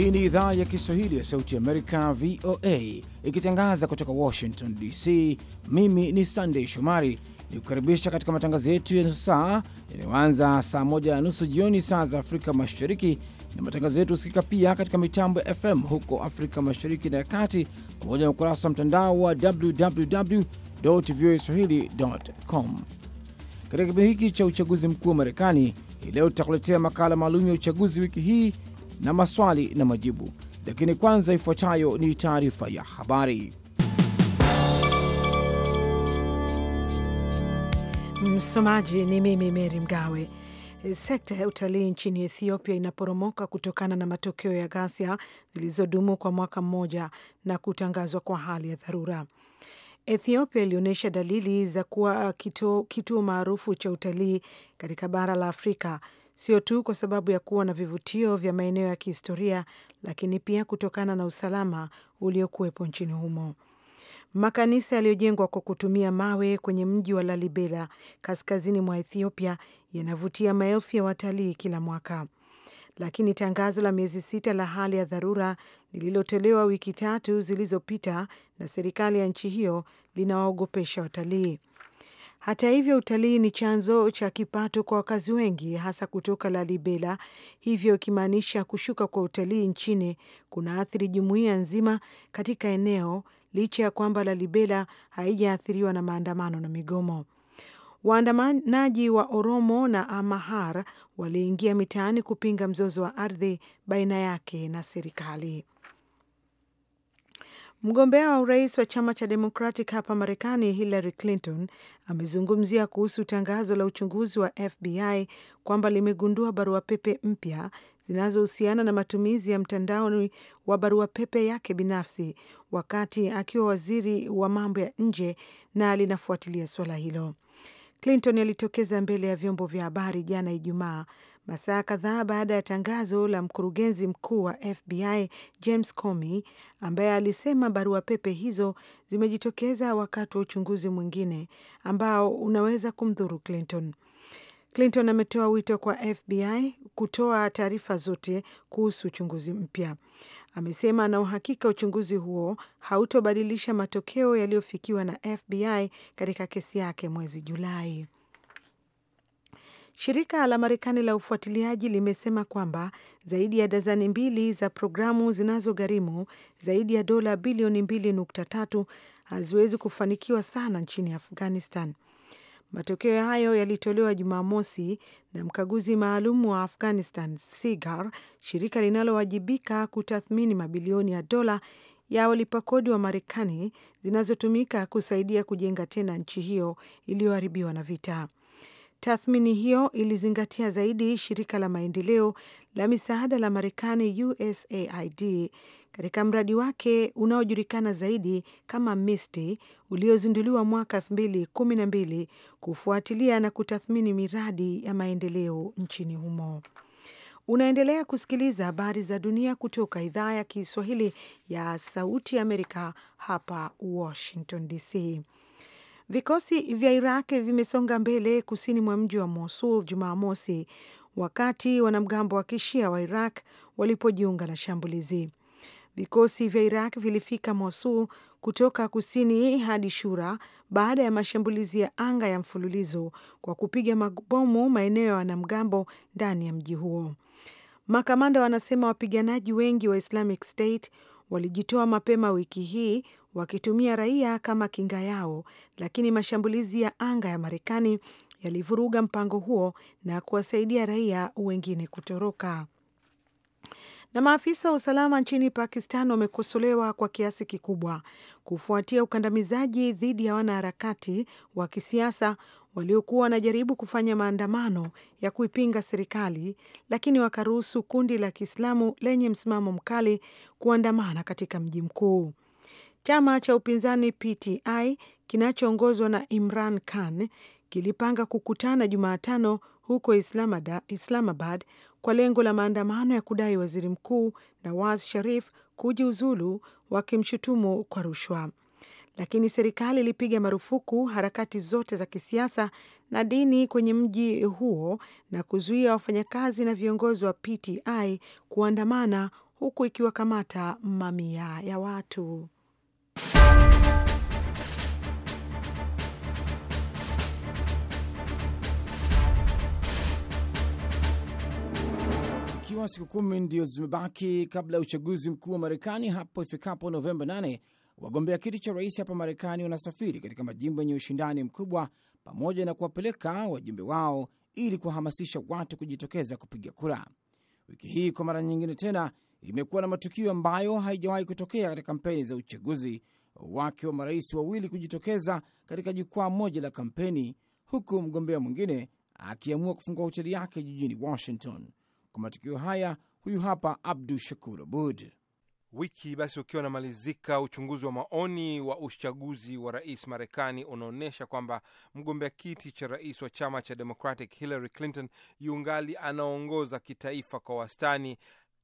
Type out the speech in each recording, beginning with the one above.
Hii ni idhaa ya Kiswahili ya Sauti Amerika, VOA, ikitangaza kutoka Washington DC. Mimi ni Sandey Shomari ni kukaribisha katika matangazo yetu ya nusu saa yanayoanza saa moja na nusu jioni saa za Afrika Mashariki, na matangazo yetu husikika pia katika mitambo ya FM huko Afrika Mashariki na ya Kati, pamoja na ukurasa wa mtandao wa www voa swahili com. Katika kipindi hiki cha uchaguzi mkuu wa Marekani, hii leo tutakuletea makala maalum ya uchaguzi wiki hii na maswali na majibu, lakini kwanza ifuatayo ni taarifa ya habari. Msomaji ni mimi Meri Mgawe. Sekta ya utalii nchini Ethiopia inaporomoka kutokana na matokeo ya ghasia zilizodumu kwa mwaka mmoja na kutangazwa kwa hali ya dharura. Ethiopia ilionyesha dalili za kuwa kituo maarufu cha utalii katika bara la Afrika sio tu kwa sababu ya kuwa na vivutio vya maeneo ya kihistoria, lakini pia kutokana na usalama uliokuwepo nchini humo. Makanisa yaliyojengwa kwa kutumia mawe kwenye mji wa Lalibela kaskazini mwa Ethiopia yanavutia maelfu ya watalii kila mwaka. Lakini tangazo la miezi sita la hali ya dharura lililotolewa wiki tatu zilizopita na serikali ya nchi hiyo linawaogopesha watalii. Hata hivyo, utalii ni chanzo cha kipato kwa wakazi wengi, hasa kutoka Lalibela, hivyo ikimaanisha kushuka kwa utalii nchini kuna athiri jumuiya nzima katika eneo, licha ya kwamba Lalibela haijaathiriwa na maandamano na migomo. Waandamanaji wa Oromo na amahar waliingia mitaani kupinga mzozo wa ardhi baina yake na serikali. Mgombea wa urais wa chama cha Democratic hapa Marekani, Hillary Clinton amezungumzia kuhusu tangazo la uchunguzi wa FBI kwamba limegundua barua pepe mpya zinazohusiana na matumizi ya mtandaoni wa barua pepe yake binafsi wakati akiwa waziri wa mambo ya nje na linafuatilia suala hilo. Clinton alitokeza mbele ya vyombo vya habari jana Ijumaa masaa kadhaa baada ya tangazo la mkurugenzi mkuu wa FBI James Comey ambaye alisema barua pepe hizo zimejitokeza wakati wa uchunguzi mwingine ambao unaweza kumdhuru Clinton. Clinton ametoa wito kwa FBI kutoa taarifa zote kuhusu uchunguzi mpya. Amesema ana uhakika uchunguzi huo hautobadilisha matokeo yaliyofikiwa na FBI katika kesi yake mwezi Julai. Shirika la Marekani la ufuatiliaji limesema kwamba zaidi ya dazani mbili za programu zinazogharimu zaidi ya dola bilioni 2.3 haziwezi kufanikiwa sana nchini Afghanistan. Matokeo hayo yalitolewa Jumamosi na mkaguzi maalum wa Afghanistan SIGAR, shirika linalowajibika kutathmini mabilioni ya dola ya walipakodi wa Marekani zinazotumika kusaidia kujenga tena nchi hiyo iliyoharibiwa na vita. Tathmini hiyo ilizingatia zaidi shirika la maendeleo la misaada la Marekani, USAID, katika mradi wake unaojulikana zaidi kama MISTI uliozinduliwa mwaka 2012 kufuatilia na kutathmini miradi ya maendeleo nchini humo. Unaendelea kusikiliza habari za dunia kutoka idhaa ya Kiswahili ya Sauti ya Amerika hapa Washington DC. Vikosi vya Iraq vimesonga mbele kusini mwa mji wa Mosul Jumamosi, wakati wanamgambo wa kishia wa Iraq walipojiunga na shambulizi. Vikosi vya Iraq vilifika Mosul kutoka kusini hadi Shura baada ya mashambulizi ya anga ya mfululizo kwa kupiga mabomu maeneo ya wanamgambo ndani ya mji huo. Makamanda wanasema wapiganaji wengi wa Islamic State walijitoa mapema wiki hii wakitumia raia kama kinga yao, lakini mashambulizi ya anga ya Marekani yalivuruga mpango huo na kuwasaidia raia wengine kutoroka. Na maafisa wa usalama nchini Pakistan wamekosolewa kwa kiasi kikubwa kufuatia ukandamizaji dhidi ya wanaharakati wa kisiasa waliokuwa wanajaribu kufanya maandamano ya kuipinga serikali, lakini wakaruhusu kundi la Kiislamu lenye msimamo mkali kuandamana katika mji mkuu. Chama cha upinzani PTI kinachoongozwa na Imran Khan kilipanga kukutana Jumatano huko Islamabad kwa lengo la maandamano ya kudai waziri mkuu Nawaz Sharif kujiuzulu, wakimshutumu kwa rushwa. Lakini serikali ilipiga marufuku harakati zote za kisiasa na dini kwenye mji huo na kuzuia wafanyakazi na viongozi wa PTI kuandamana huku ikiwakamata mamia ya watu. Ikiwa siku kumi ndio zimebaki kabla ya uchaguzi mkuu wa Marekani hapo ifikapo Novemba 8, wagombea kiti cha rais hapa Marekani wanasafiri katika majimbo yenye ushindani mkubwa, pamoja na kuwapeleka wajumbe wao ili kuwahamasisha watu kujitokeza kupiga kura. Wiki hii kwa mara nyingine tena imekuwa na matukio ambayo haijawahi kutokea katika kampeni za uchaguzi, wake wa marais wawili kujitokeza katika jukwaa moja la kampeni, huku mgombea mwingine akiamua kufungua hoteli yake jijini Washington kwa matukio haya. Huyu hapa Abdu Shakur Abud. Wiki basi ukiwa unamalizika uchunguzi wa maoni wa uchaguzi wa rais Marekani unaonyesha kwamba mgombea kiti cha rais wa chama cha Democratic Hillary Clinton yungali anaongoza kitaifa kwa wastani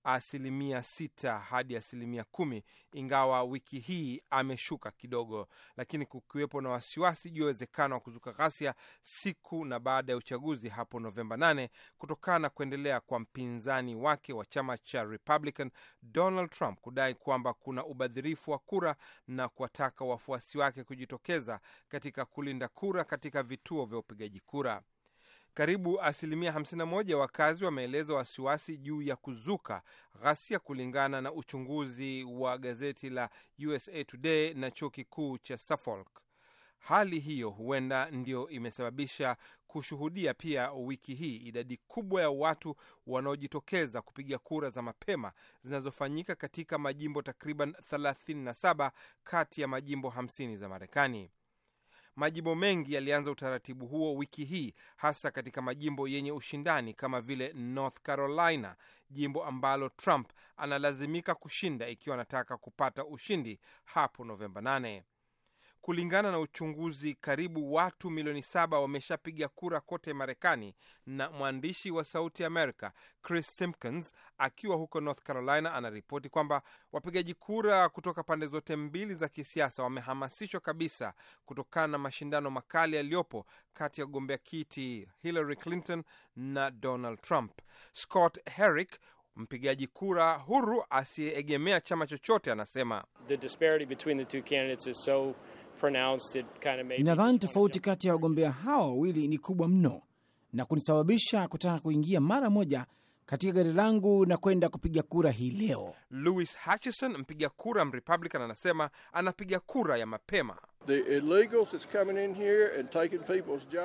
asilimia sita hadi asilimia kumi ingawa wiki hii ameshuka kidogo, lakini kukiwepo na wasiwasi juu ya uwezekano wa kuzuka ghasia siku na baada ya uchaguzi hapo Novemba 8 kutokana na kuendelea kwa mpinzani wake wa chama cha Republican Donald Trump kudai kwamba kuna ubadhirifu wa kura na kuwataka wafuasi wake kujitokeza katika kulinda kura katika vituo vya upigaji kura. Karibu asilimia 51 wakazi wameeleza wasiwasi juu ya kuzuka ghasia, kulingana na uchunguzi wa gazeti la USA Today na chuo kikuu cha Suffolk. Hali hiyo huenda ndio imesababisha kushuhudia pia wiki hii idadi kubwa ya watu wanaojitokeza kupiga kura za mapema zinazofanyika katika majimbo takriban 37 kati ya majimbo 50 za Marekani. Majimbo mengi yalianza utaratibu huo wiki hii, hasa katika majimbo yenye ushindani kama vile North Carolina, jimbo ambalo Trump analazimika kushinda ikiwa anataka kupata ushindi hapo Novemba 8. Kulingana na uchunguzi, karibu watu milioni saba wameshapiga kura kote Marekani, na mwandishi wa Sauti america Chris Simpkins akiwa huko North Carolina anaripoti kwamba wapigaji kura kutoka pande zote mbili za kisiasa wamehamasishwa kabisa kutokana na mashindano makali yaliyopo kati ya ugombea kiti Hillary Clinton na Donald Trump. Scott Herrick mpigaji kura huru asiyeegemea chama chochote anasema, the disparity between the two candidates is so Nadhani tofauti kati ya wagombea hawa wawili ni kubwa mno na kunisababisha kutaka kuingia mara moja katika gari langu na kwenda kupiga kura hii leo. Louis Hutchison, mpiga kura Mrepublican, anasema anapiga kura ya mapema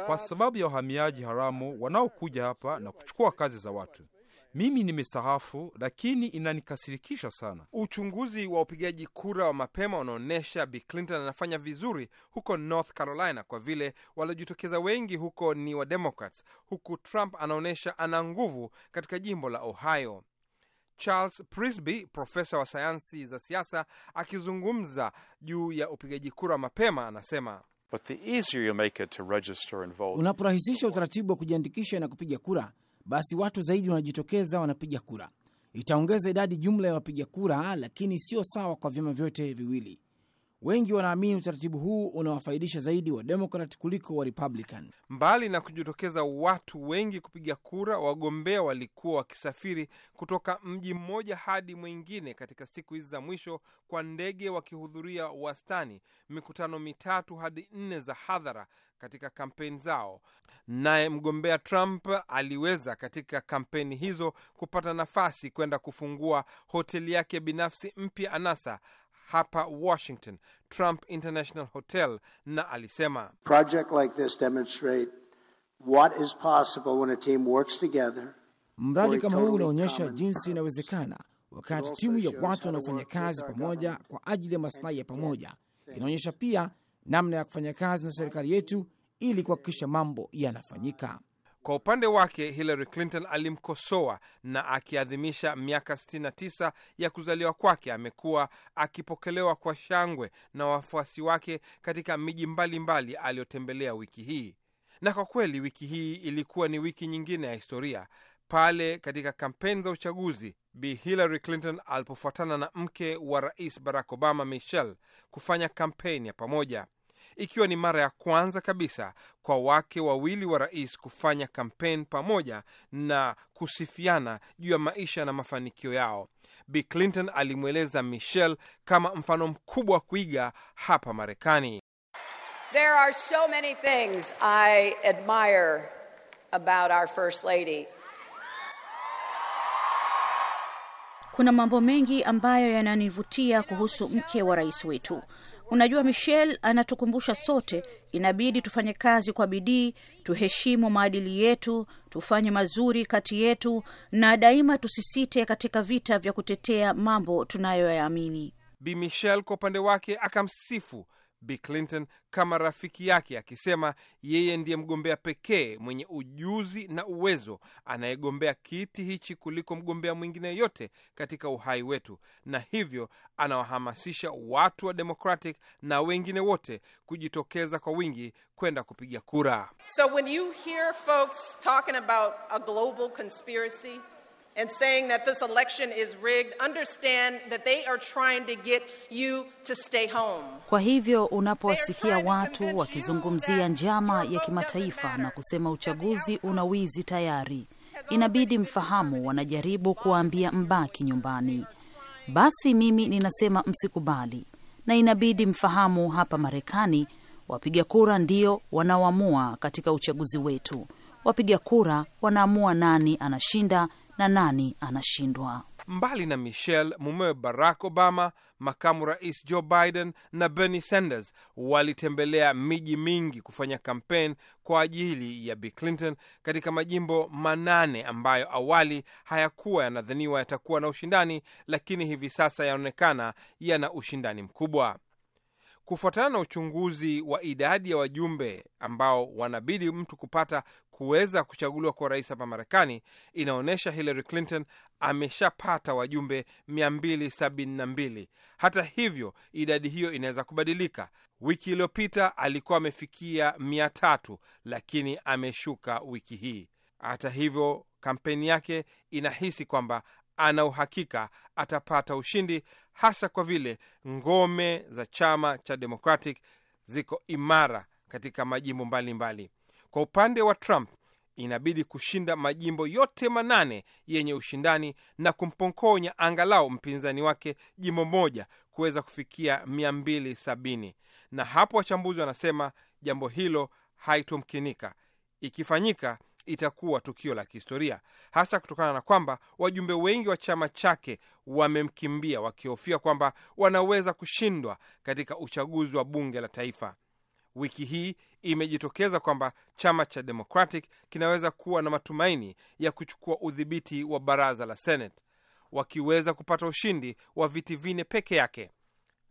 kwa sababu ya wahamiaji haramu wanaokuja hapa na kuchukua kazi za watu. Mimi nimesahafu lakini inanikasirikisha sana. Uchunguzi wa upigaji kura wa mapema unaonyesha Bi Clinton anafanya vizuri huko North Carolina kwa vile waliojitokeza wengi huko ni Wademokrats, huku Trump anaonyesha ana nguvu katika jimbo la Ohio. Charles Prisby, profesa wa sayansi za siasa, akizungumza juu ya upigaji kura mapema, anasema unaporahisisha utaratibu wa kujiandikisha na kupiga kura basi watu zaidi wanajitokeza wanapiga kura. Itaongeza idadi jumla ya wapiga kura, lakini sio sawa kwa vyama vyote viwili. Wengi wanaamini utaratibu huu unawafaidisha zaidi wa Demokrat kuliko wa Republican. Mbali na kujitokeza watu wengi kupiga kura, wagombea walikuwa wakisafiri kutoka mji mmoja hadi mwingine katika siku hizi za mwisho kwa ndege, wakihudhuria wastani mikutano mitatu hadi nne za hadhara katika kampeni zao. Naye mgombea Trump aliweza katika kampeni hizo kupata nafasi kwenda kufungua hoteli yake binafsi mpya Anasa, hapa Washington, Trump International Hotel, na alisema Project like this demonstrate what is possible when a team works together. Mradi kama huu unaonyesha jinsi inawezekana wakati timu ya watu wanaofanya kazi pamoja kwa ajili ya maslahi ya pamoja. Inaonyesha pia namna ya kufanya kazi na serikali yetu ili kuhakikisha mambo yanafanyika. Kwa upande wake Hillary Clinton alimkosoa na akiadhimisha miaka 69 ya kuzaliwa kwake, amekuwa akipokelewa kwa shangwe na wafuasi wake katika miji mbalimbali aliyotembelea wiki hii. Na kwa kweli wiki hii ilikuwa ni wiki nyingine ya historia pale katika kampeni za uchaguzi Bi Hillary Clinton alipofuatana na mke wa rais Barack Obama, Michelle, kufanya kampeni ya pamoja ikiwa ni mara ya kwanza kabisa kwa wake wawili wa rais kufanya kampeni pamoja na kusifiana juu ya maisha na mafanikio yao. Bi Clinton alimweleza Michelle kama mfano mkubwa wa kuiga hapa Marekani. There are so many things I admire about our first lady. Kuna mambo mengi ambayo yananivutia kuhusu mke wa rais wetu. Unajua, Michel anatukumbusha sote, inabidi tufanye kazi kwa bidii, tuheshimu maadili yetu, tufanye mazuri kati yetu, na daima tusisite katika vita vya kutetea mambo tunayoyaamini. Bi Michel kwa upande wake akamsifu Bi Clinton kama rafiki yake, akisema yeye ndiye mgombea pekee mwenye ujuzi na uwezo anayegombea kiti hichi kuliko mgombea mwingine yote katika uhai wetu, na hivyo anawahamasisha watu wa Democratic na wengine wote kujitokeza kwa wingi kwenda kupiga kura. So when you hear folks talking about a global conspiracy and saying that this election is rigged, understand that they are trying to get you to stay home. Kwa hivyo unapowasikia watu wakizungumzia njama ya kimataifa na kusema uchaguzi una wizi tayari, inabidi mfahamu wanajaribu kuwaambia mbaki nyumbani. Basi mimi ninasema msikubali, na inabidi mfahamu hapa Marekani wapiga kura ndio wanaoamua katika uchaguzi wetu. Wapiga kura wanaamua nani anashinda na nani anashindwa. Mbali na Michelle, mumewe Barack Obama, makamu rais Joe Biden na Bernie Sanders walitembelea miji mingi kufanya kampeni kwa ajili ya Bi Clinton katika majimbo manane ambayo awali hayakuwa yanadhaniwa yatakuwa na ushindani, lakini hivi sasa yanaonekana yana ushindani mkubwa. Kufuatana na uchunguzi wa idadi ya wajumbe ambao wanabidi mtu kupata kuweza kuchaguliwa kwa rais hapa Marekani inaonyesha Hillary Clinton ameshapata wajumbe 272. Hata hivyo, idadi hiyo inaweza kubadilika. Wiki iliyopita alikuwa amefikia 300, lakini ameshuka wiki hii. Hata hivyo, kampeni yake inahisi kwamba ana uhakika atapata ushindi, hasa kwa vile ngome za chama cha Democratic ziko imara katika majimbo mbalimbali mbali. Kwa upande wa Trump, inabidi kushinda majimbo yote manane yenye ushindani na kumpokonya angalau mpinzani wake jimbo moja kuweza kufikia 270 na hapo, wachambuzi wanasema jambo hilo haitomkinika. Ikifanyika itakuwa tukio la kihistoria, hasa kutokana na kwamba wajumbe wengi wa chama chake wamemkimbia wakihofia kwamba wanaweza kushindwa katika uchaguzi wa bunge la taifa wiki hii imejitokeza kwamba chama cha Democratic kinaweza kuwa na matumaini ya kuchukua udhibiti wa baraza la Senate wakiweza kupata ushindi wa viti vine peke yake,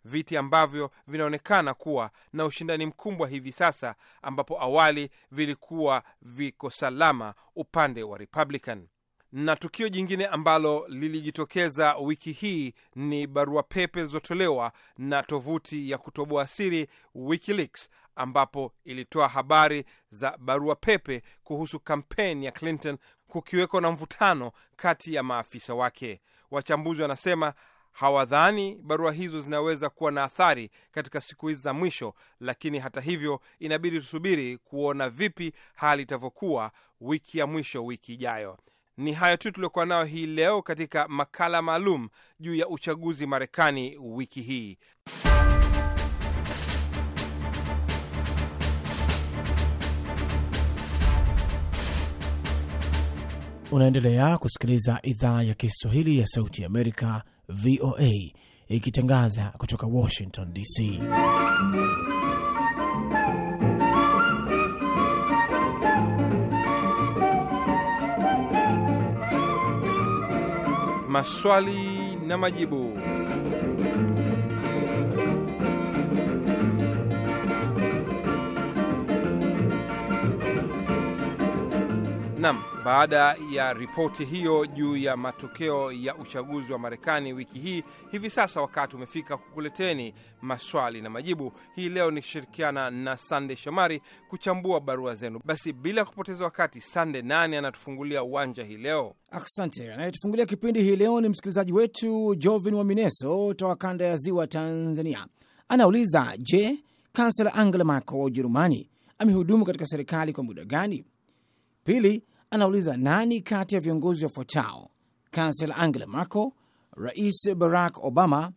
viti ambavyo vinaonekana kuwa na ushindani mkubwa hivi sasa, ambapo awali vilikuwa viko salama upande wa Republican. Na tukio jingine ambalo lilijitokeza wiki hii ni barua pepe zilizotolewa na tovuti ya kutoboa siri WikiLeaks ambapo ilitoa habari za barua pepe kuhusu kampeni ya Clinton, kukiweko na mvutano kati ya maafisa wake. Wachambuzi wanasema hawadhani barua hizo zinaweza kuwa na athari katika siku hizi za mwisho, lakini hata hivyo, inabidi tusubiri kuona vipi hali itavyokuwa wiki ya mwisho wiki ijayo. Ni hayo tu tuliokuwa nayo hii leo katika makala maalum juu ya uchaguzi Marekani wiki hii. Unaendelea kusikiliza idhaa ya Kiswahili ya Sauti ya Amerika, VOA, ikitangaza kutoka Washington DC. Maswali na majibu. Nam, baada ya ripoti hiyo juu ya matokeo ya uchaguzi wa Marekani wiki hii, hivi sasa wakati umefika kukuleteni maswali na majibu. Hii leo nikishirikiana na Sande Shomari kuchambua barua zenu. Basi bila kupoteza wakati, Sande, nani anatufungulia uwanja hii leo? Asante. Anayetufungulia kipindi hii leo ni msikilizaji wetu Jovin wa Mineso toka kanda ya Ziwa, Tanzania. Anauliza, je, kansela Angela Merkel wa Ujerumani amehudumu katika serikali kwa muda gani? Pili, anauliza nani kati ya viongozi wafuatao: kansela Angela Merkel, rais Barack Obama,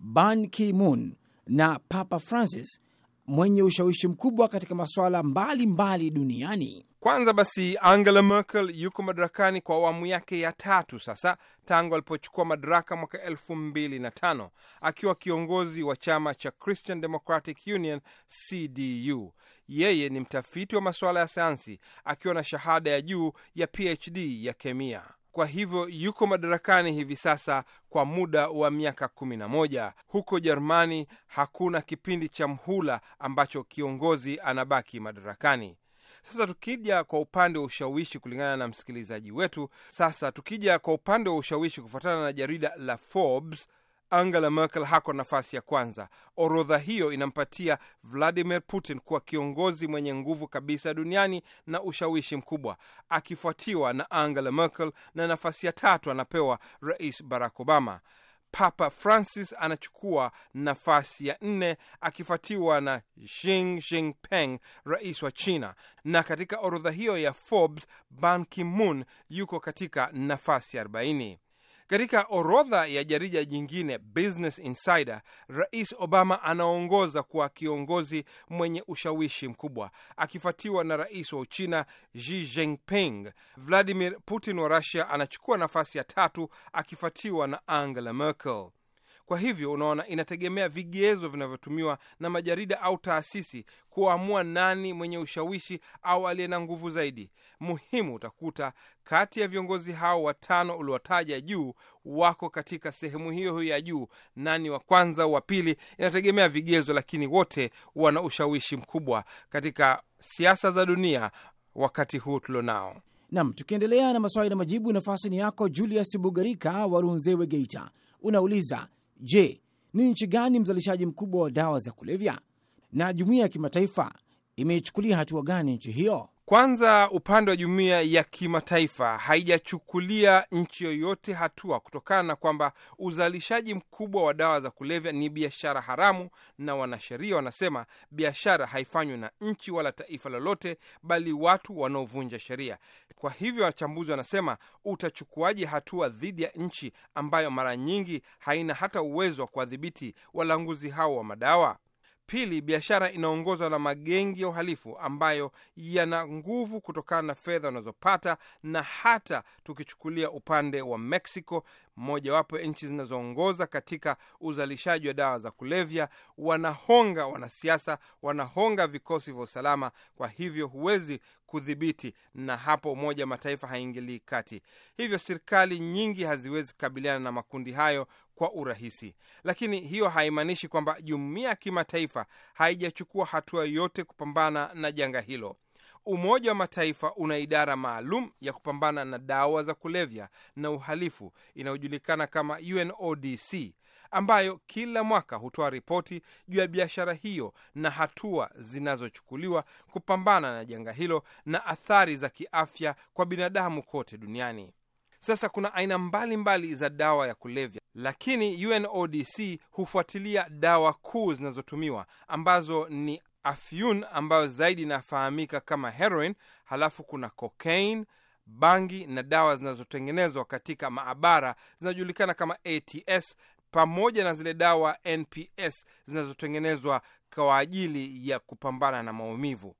Ban Ki-moon na Papa Francis mwenye ushawishi mkubwa katika masuala mbalimbali duniani kwanza basi, Angela Merkel yuko madarakani kwa awamu yake ya tatu sasa tangu alipochukua madaraka mwaka elfu mbili na tano akiwa kiongozi wa chama cha Christian Democratic Union CDU. Yeye ni mtafiti wa masuala ya sayansi akiwa na shahada ya juu ya PhD ya kemia. Kwa hivyo yuko madarakani hivi sasa kwa muda wa miaka kumi na moja. Huko Jerumani hakuna kipindi cha mhula ambacho kiongozi anabaki madarakani. Sasa tukija kwa upande wa ushawishi, kulingana na msikilizaji wetu, sasa tukija kwa upande wa ushawishi, kufuatana na jarida la Forbes, Angela Merkel hako nafasi ya kwanza. Orodha hiyo inampatia Vladimir Putin kuwa kiongozi mwenye nguvu kabisa duniani na ushawishi mkubwa, akifuatiwa na Angela Merkel, na nafasi ya tatu anapewa Rais Barack Obama. Papa Francis anachukua nafasi ya nne akifuatiwa na Xi Jinping, rais wa China, na katika orodha hiyo ya Forbes, Ban Ki-moon yuko katika nafasi ya 40. Katika orodha ya jarida jingine Business Insider, Rais Obama anaongoza kuwa kiongozi mwenye ushawishi mkubwa, akifuatiwa na rais wa Uchina Xi Jinping. Vladimir Putin wa Russia anachukua nafasi ya tatu, akifuatiwa na Angela Merkel. Kwa hivyo unaona, inategemea vigezo vinavyotumiwa na majarida au taasisi kuamua nani mwenye ushawishi au aliye na nguvu zaidi. Muhimu utakuta kati ya viongozi hao watano uliwataja juu wako katika sehemu hiyo hiyo ya juu. Nani wa kwanza, wa pili, inategemea vigezo, lakini wote wana ushawishi mkubwa katika siasa za dunia wakati huu tulionao. Nam, tukiendelea na maswali na majibu, nafasi ni yako Julius Bugarika wa Runzewe, Geita. Unauliza, Je, ni nchi gani mzalishaji mkubwa wa dawa za kulevya na jumuiya ya kimataifa imeichukulia hatua gani nchi hiyo? Kwanza, upande wa jumuiya ya kimataifa haijachukulia nchi yoyote hatua kutokana na kwamba uzalishaji mkubwa wa dawa za kulevya ni biashara haramu, na wanasheria wanasema biashara haifanywi na nchi wala taifa lolote, bali watu wanaovunja sheria. Kwa hivyo, wachambuzi wanasema utachukuaje hatua dhidi ya nchi ambayo mara nyingi haina hata uwezo wa kuwadhibiti walanguzi hao wa madawa? Pili, biashara inaongozwa na magengi ya uhalifu ambayo yana nguvu kutokana na fedha wanazopata, na hata tukichukulia upande wa Mexico, mojawapo ya nchi zinazoongoza katika uzalishaji wa dawa za kulevya, wanahonga wanasiasa, wanahonga vikosi vya usalama. Kwa hivyo huwezi kudhibiti, na hapo Umoja wa Mataifa haingilii kati. Hivyo serikali nyingi haziwezi kukabiliana na makundi hayo kwa urahisi, lakini hiyo haimaanishi kwamba jumuiya ya kimataifa haijachukua hatua yote kupambana na janga hilo. Umoja wa Mataifa una idara maalum ya kupambana na dawa za kulevya na uhalifu inayojulikana kama UNODC ambayo kila mwaka hutoa ripoti juu ya biashara hiyo na hatua zinazochukuliwa kupambana na janga hilo na athari za kiafya kwa binadamu kote duniani. Sasa kuna aina mbalimbali mbali za dawa ya kulevya, lakini UNODC hufuatilia dawa kuu zinazotumiwa ambazo ni afyun ambayo zaidi inafahamika kama heroin, halafu kuna cocaine, bangi na dawa zinazotengenezwa katika maabara zinajulikana kama ATS pamoja na zile dawa NPS zinazotengenezwa kwa ajili ya kupambana na maumivu.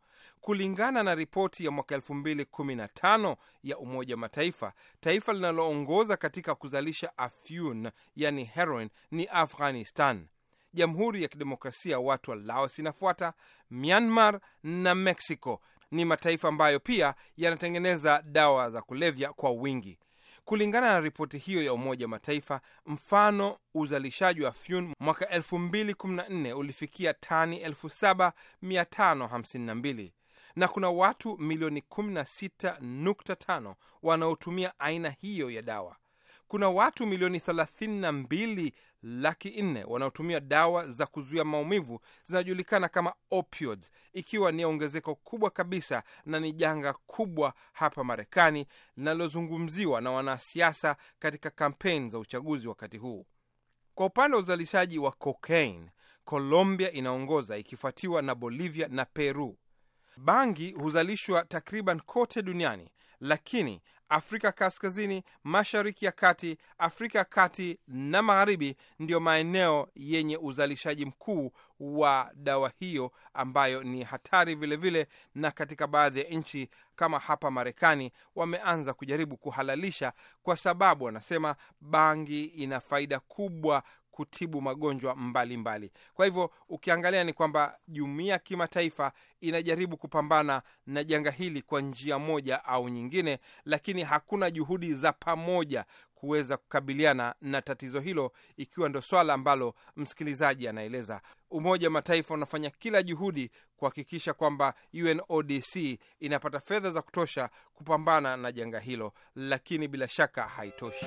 Kulingana na ripoti ya mwaka 2015 ya Umoja wa Mataifa, taifa linaloongoza katika kuzalisha afyun, yani heroin, ni Afghanistan. Jamhuri ya Kidemokrasia ya Watu wa Laos inafuata, Myanmar na Mexico ni mataifa ambayo pia yanatengeneza dawa za kulevya kwa wingi. Kulingana na ripoti hiyo ya Umoja wa Mataifa, mfano uzalishaji wa fyun mwaka 2014 ulifikia tani 7552 na kuna watu milioni 16.5 wanaotumia aina hiyo ya dawa. Kuna watu milioni 32 laki 4 wanaotumia dawa za kuzuia maumivu zinajulikana kama opioids, ikiwa ni ongezeko kubwa kabisa na ni janga kubwa hapa Marekani linalozungumziwa na wanasiasa katika kampeni za uchaguzi wakati huu. Kwa upande wa uzalishaji wa cocaine, Colombia inaongoza ikifuatiwa na Bolivia na Peru. Bangi huzalishwa takriban kote duniani, lakini Afrika Kaskazini, Mashariki ya Kati, Afrika ya Kati na Magharibi ndiyo maeneo yenye uzalishaji mkuu wa dawa hiyo ambayo ni hatari vilevile vile, na katika baadhi ya nchi kama hapa Marekani wameanza kujaribu kuhalalisha kwa sababu wanasema bangi ina faida kubwa kutibu magonjwa mbalimbali mbali. Kwa hivyo ukiangalia ni kwamba jumuiya ya kimataifa inajaribu kupambana na janga hili kwa njia moja au nyingine, lakini hakuna juhudi za pamoja kuweza kukabiliana na tatizo hilo, ikiwa ndo swala ambalo msikilizaji anaeleza. Umoja wa Mataifa unafanya kila juhudi kuhakikisha kwamba UNODC inapata fedha za kutosha kupambana na janga hilo, lakini bila shaka haitoshi.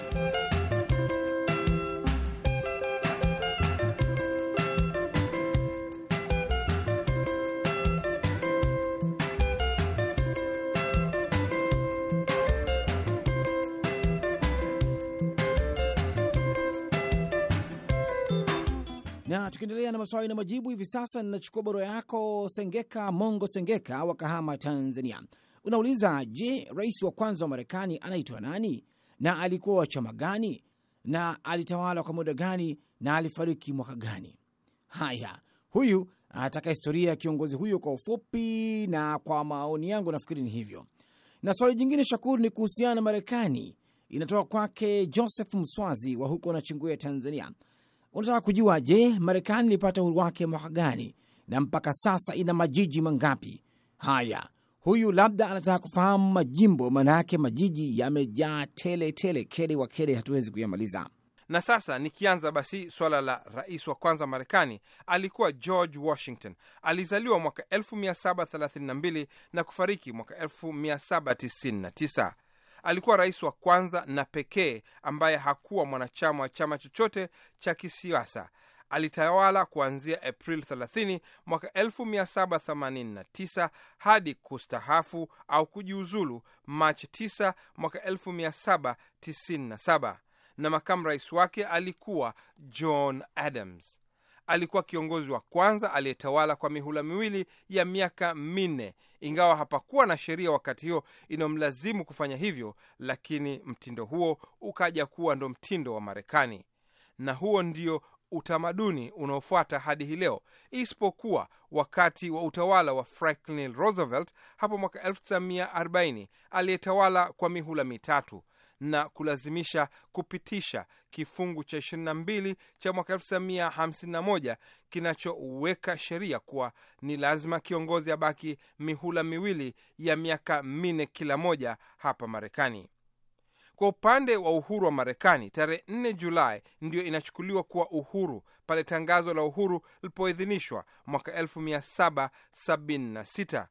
tukiendelea na maswali na majibu hivi sasa, ninachukua barua yako Sengeka Mongo Sengeka wa Kahama, Tanzania. Unauliza, je, rais wa kwanza wa Marekani anaitwa nani na alikuwa wa chama gani na alitawala kwa muda gani na alifariki mwaka gani? Haya, huyu anataka historia ya kiongozi huyo kwa ufupi, na kwa maoni yangu nafikiri ni hivyo. Na swali jingine Shakuru ni kuhusiana na Marekani, inatoka kwake Joseph Mswazi wa huko Nachingwea, Tanzania unataka kujua, je, Marekani ilipata uhuru wake mwaka gani na mpaka sasa ina majiji mangapi? Haya, huyu labda anataka kufahamu majimbo, maanayake majiji yamejaa tele tele, wa kere hatuwezi kuyamaliza. Na sasa nikianza basi swala la rais wa kwanza wa Marekani alikuwa George Washington. Alizaliwa mwaka 732 na kufariki mwaka Alikuwa rais wa kwanza na pekee ambaye hakuwa mwanachama wa chama chochote cha kisiasa. Alitawala kuanzia Aprili 30 mwaka 1789 hadi kustahafu au kujiuzulu Machi 9 mwaka 1797, na makamu rais wake alikuwa John Adams alikuwa kiongozi wa kwanza aliyetawala kwa mihula miwili ya miaka minne, ingawa hapakuwa na sheria wakati hiyo inayomlazimu kufanya hivyo, lakini mtindo huo ukaja kuwa ndo mtindo wa Marekani na huo ndio utamaduni unaofuata hadi hii leo, isipokuwa wakati wa utawala wa Franklin Roosevelt hapo mwaka 1940 aliyetawala kwa mihula mitatu na kulazimisha kupitisha kifungu cha 22 cha mwaka 1951 kinachoweka sheria kuwa ni lazima kiongozi abaki mihula miwili ya miaka minne kila moja hapa Marekani. Kwa upande wa uhuru wa Marekani, tarehe 4 Julai ndiyo inachukuliwa kuwa uhuru pale tangazo la uhuru lilipoidhinishwa mwaka 1776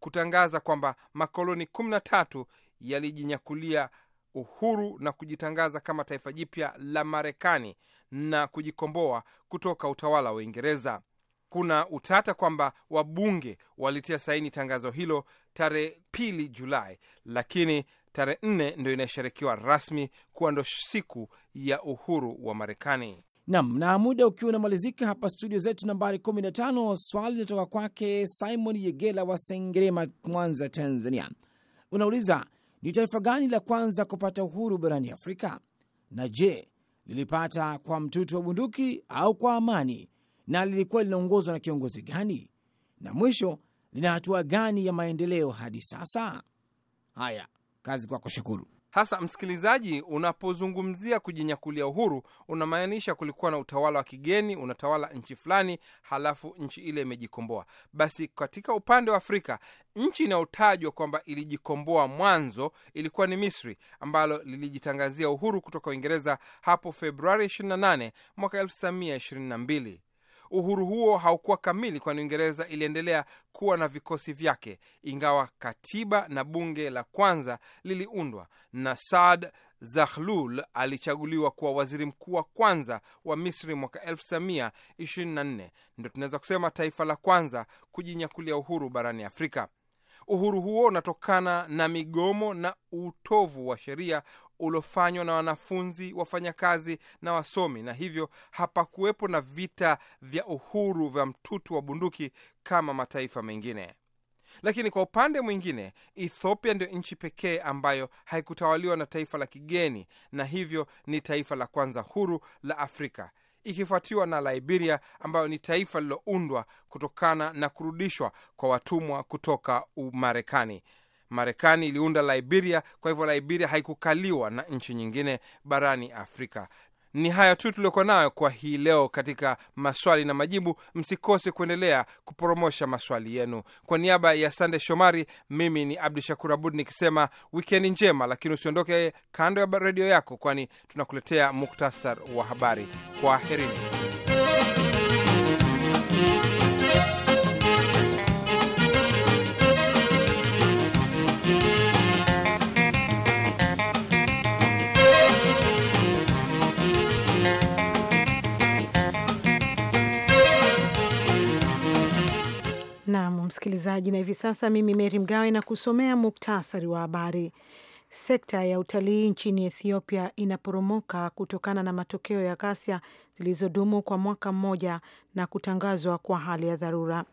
kutangaza kwamba makoloni 13 yalijinyakulia uhuru na kujitangaza kama taifa jipya la Marekani na kujikomboa kutoka utawala wa Uingereza. Kuna utata kwamba wabunge walitia saini tangazo hilo tarehe pili Julai, lakini tarehe nne ndo inayosherekiwa rasmi kuwa ndo siku ya uhuru wa Marekani. Nam na muda ukiwa unamalizika hapa studio zetu nambari 15, swali linatoka kwake Simon Yegela wa Sengerema, Mwanza, Tanzania. Unauliza, ni taifa gani la kwanza kupata uhuru barani Afrika? Na je, lilipata kwa mtutu wa bunduki au kwa amani? Na lilikuwa linaongozwa na kiongozi gani? Na mwisho, lina hatua gani ya maendeleo hadi sasa? Haya, kazi kwako. Shukuru. Hasa msikilizaji, unapozungumzia kujinyakulia uhuru, unamaanisha kulikuwa na utawala wa kigeni unatawala nchi fulani, halafu nchi ile imejikomboa. Basi katika upande wa Afrika, nchi inayotajwa kwamba ilijikomboa mwanzo ilikuwa ni Misri, ambalo lilijitangazia uhuru kutoka Uingereza hapo Februari 28 mwaka 1922 uhuru huo haukuwa kamili, kwani Uingereza iliendelea kuwa na vikosi vyake, ingawa katiba na bunge la kwanza liliundwa na Saad Zahlul alichaguliwa kuwa waziri mkuu wa kwanza wa Misri mwaka 1924. Ndio tunaweza kusema taifa la kwanza kujinyakulia uhuru barani Afrika. Uhuru huo unatokana na migomo na utovu wa sheria uliofanywa na wanafunzi, wafanyakazi na wasomi, na hivyo hapakuwepo na vita vya uhuru vya mtutu wa bunduki kama mataifa mengine. Lakini kwa upande mwingine, Ethiopia ndio nchi pekee ambayo haikutawaliwa na taifa la kigeni, na hivyo ni taifa la kwanza huru la Afrika ikifuatiwa na Liberia ambayo ni taifa lililoundwa kutokana na kurudishwa kwa watumwa kutoka Umarekani. Marekani iliunda Liberia, kwa hivyo Liberia haikukaliwa na nchi nyingine barani Afrika. Ni haya tu tuliokuwa nayo kwa hii leo katika maswali na majibu. Msikose kuendelea kuporomosha maswali yenu. Kwa niaba ya Sande Shomari, mimi ni Abdu Shakur Abud nikisema wikendi njema, lakini usiondoke kando ya redio yako, kwani tunakuletea muktasar wa habari. kwa herini. msikilizaji, na hivi sasa mimi Meri Mgawe na kusomea muktasari wa habari. Sekta ya utalii nchini Ethiopia inaporomoka kutokana na matokeo ya ghasia zilizodumu kwa mwaka mmoja na kutangazwa kwa hali ya dharura.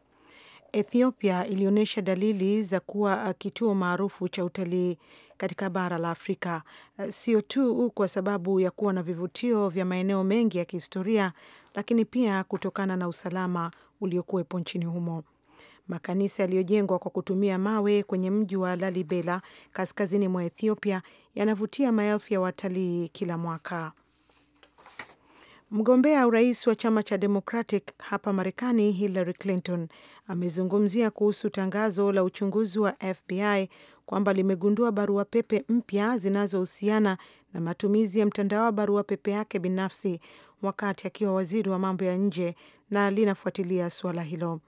Ethiopia ilionyesha dalili za kuwa kituo maarufu cha utalii katika bara la Afrika, sio tu kwa sababu ya kuwa na vivutio vya maeneo mengi ya kihistoria, lakini pia kutokana na usalama uliokuwepo nchini humo. Makanisa yaliyojengwa kwa kutumia mawe kwenye mji wa Lalibela kaskazini mwa Ethiopia yanavutia maelfu ya watalii kila mwaka. Mgombea urais wa chama cha Democratic hapa Marekani, Hillary Clinton amezungumzia kuhusu tangazo la uchunguzi wa FBI kwamba limegundua barua pepe mpya zinazohusiana na matumizi ya mtandao wa barua pepe yake binafsi wakati akiwa waziri wa mambo ya nje na linafuatilia suala hilo.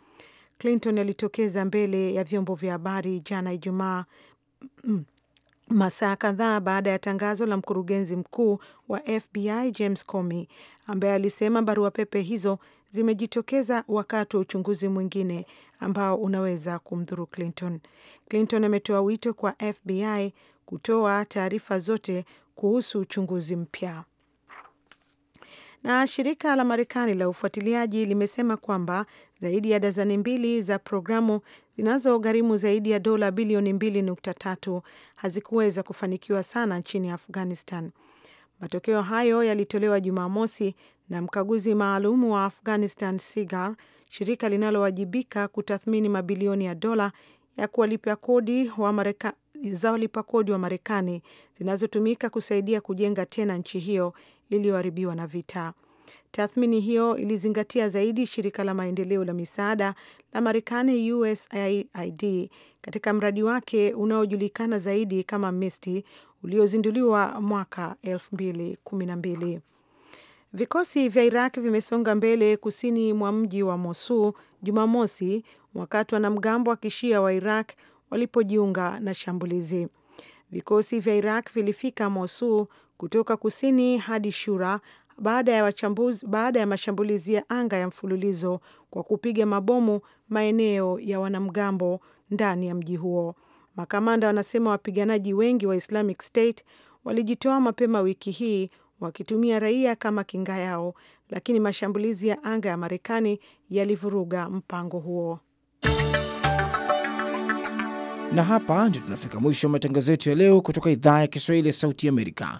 Clinton alitokeza mbele ya vyombo vya habari jana Ijumaa mm, masaa kadhaa baada ya tangazo la mkurugenzi mkuu wa FBI James Comey ambaye alisema barua pepe hizo zimejitokeza wakati wa uchunguzi mwingine ambao unaweza kumdhuru Clinton. Clinton ametoa wito kwa FBI kutoa taarifa zote kuhusu uchunguzi mpya. Na shirika la Marekani la ufuatiliaji limesema kwamba zaidi ya dazani mbili za programu zinazogharimu zaidi ya dola bilioni 2.3 hazikuweza kufanikiwa sana nchini Afghanistan. Matokeo hayo yalitolewa Jumamosi na mkaguzi maalumu wa Afghanistan SIGAR, shirika linalowajibika kutathmini mabilioni ya dola ya kuwalipa kodi wa Marekani za walipa kodi wa Marekani zinazotumika kusaidia kujenga tena nchi hiyo iliyoharibiwa na vita. Tathmini hiyo ilizingatia zaidi shirika la maendeleo la misaada la Marekani, USAID, katika mradi wake unaojulikana zaidi kama MISTI uliozinduliwa mwaka 2012. Vikosi vya Iraq vimesonga mbele kusini mwa mji wa Mosul Jumamosi, wakati wanamgambo wa kishia wa Iraq walipojiunga na shambulizi. Vikosi vya Iraq vilifika Mosul kutoka kusini hadi Shura baada ya, baada ya mashambulizi ya anga ya mfululizo kwa kupiga mabomu maeneo ya wanamgambo ndani ya mji huo. Makamanda wanasema wapiganaji wengi wa Islamic State walijitoa mapema wiki hii wakitumia raia kama kinga yao, lakini mashambulizi ya anga ya Marekani yalivuruga mpango huo. Na hapa ndio tunafika mwisho wa matangazo yetu ya leo kutoka idhaa ya Kiswahili ya Sauti Amerika.